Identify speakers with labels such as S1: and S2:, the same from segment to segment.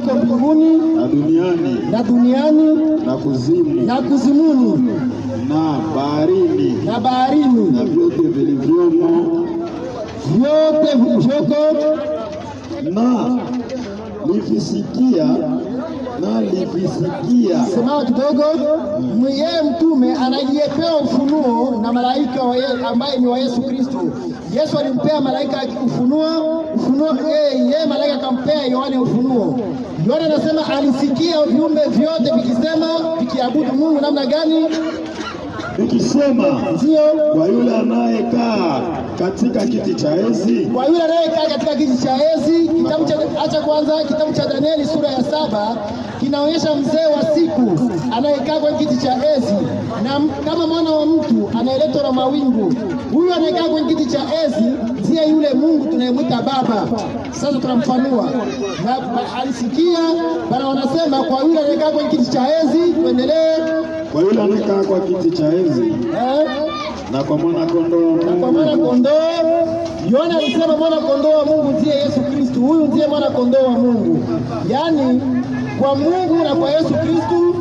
S1: kuliko mbinguni na duniani
S2: na duniani
S1: na kuzimu
S2: na kuzimuni
S1: na baharini
S2: na baharini na
S1: vyote vilivyomo
S2: vyote vilivyoko
S1: na nivisikia
S2: simama kidogo. Yeye mtume anajiepea ufunuo na malaika ambaye ni wa Yesu Kristo. Yesu alimpea malaika ufunuo ufunuo, eh, yeye malaika akampea Yohane ufunuo. Yohane anasema alisikia viumbe vyote vikisema vikiabudu Mungu namna gani
S1: ikisema kwa yule anayekaa katika kiti cha enzi, kwa
S2: yule anayekaa katika kiti cha enzi. Kitabu cha acha kwanza, kitabu cha Danieli sura ya saba kinaonyesha mzee wa siku anayekaa kwa kiti cha enzi na kama mwana wa mtu anayeletwa na mawingu. Huyu anayekaa kwenye kiti cha enzi ndiye yule Mungu tunayemwita Baba. Sasa tunamfanua na alisikia bana, wanasema kwa yule anayekaa kwenye kiti cha enzi, tuendelee
S1: yule amekaa kwa kiti cha enzi eh? na kwa mwana
S2: kondoo na kwa mwana kondoo. Yohana alisema mwana kondoo wa Mungu ndiye Yesu Kristo, huyu ndiye mwana kondoo wa Mungu. Yaani kwa Mungu na kwa Yesu Kristo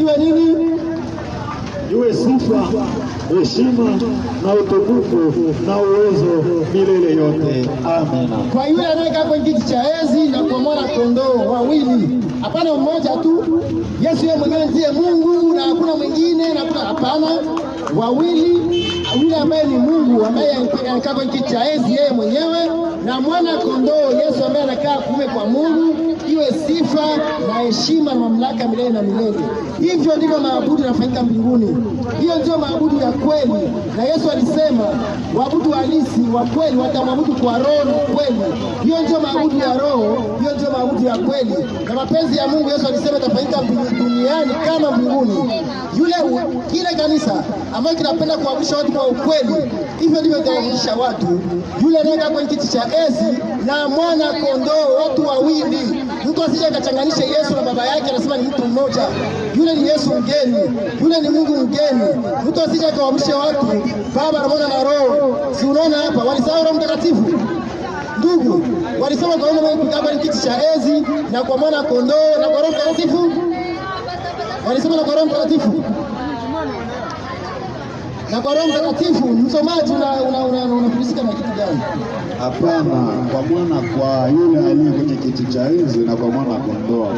S1: iwe nini? iwe sifa, heshima na utukufu na uwezo milele yote.
S2: Amen. Kwa yule anayekaa kwenye kiti cha enzi na kwa mwana kondoo wawili, hapana mmoja tu. Yesu yeye mwenyewe ndiye Mungu na hakuna mwingine, na hapana wawili yule ambaye ni Mungu ambaye anakaa kwenye kiti cha enzi yeye mwenyewe, na mwana kondoo Yesu ambaye anakaa kuume kwa Mungu iwe sifa na heshima na mamlaka milele na milele. Hivyo ndivyo maabudu yanafanyika mbinguni. Hiyo ndio maabudu ya kweli, na Yesu alisema waabudu halisi wa kweli watamwabudu kwa roho na kweli. Hiyo ndio maabudu ya roho, hiyo ndio maabudu ya kweli, na mapenzi ya Mungu Yesu alisema itafanyika duniani kama mbinguni. Yule kile kanisa ambayo kinapenda kuamsha watu kwa ukweli, hivyo ndivyo itaamsha watu. Yule anayekaa kwenye kiti cha enzi na mwana kondoo, watu wawili Mtu asije akachanganisha Yesu na baba yake, anasema ni mtu mmoja. Yule ni Yesu mgeni, yule ni Mungu mgeni. Mtu asije akawaamshe watu Baba na Mwana na Roho. Si unaona hapa walisahau Roho Mtakatifu. Ndugu walisema kwa Baba ni kiti cha enzi na kwa Mwana kondoo na kwa Roho Mtakatifu, walisema na kwa Roho Mtakatifu na kwa Roho Mtakatifu. Msomaji una, una, una, una, una
S1: Hapana, kwa mwana kwa yule aliye kwenye kiti cha enzi na kwa mwana kondoo,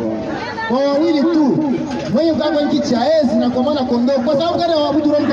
S2: kwa wawili tu, mwenye kukaa kwenye kiti cha enzi na kwa mwana kondoo, kwa sababu gani waabudu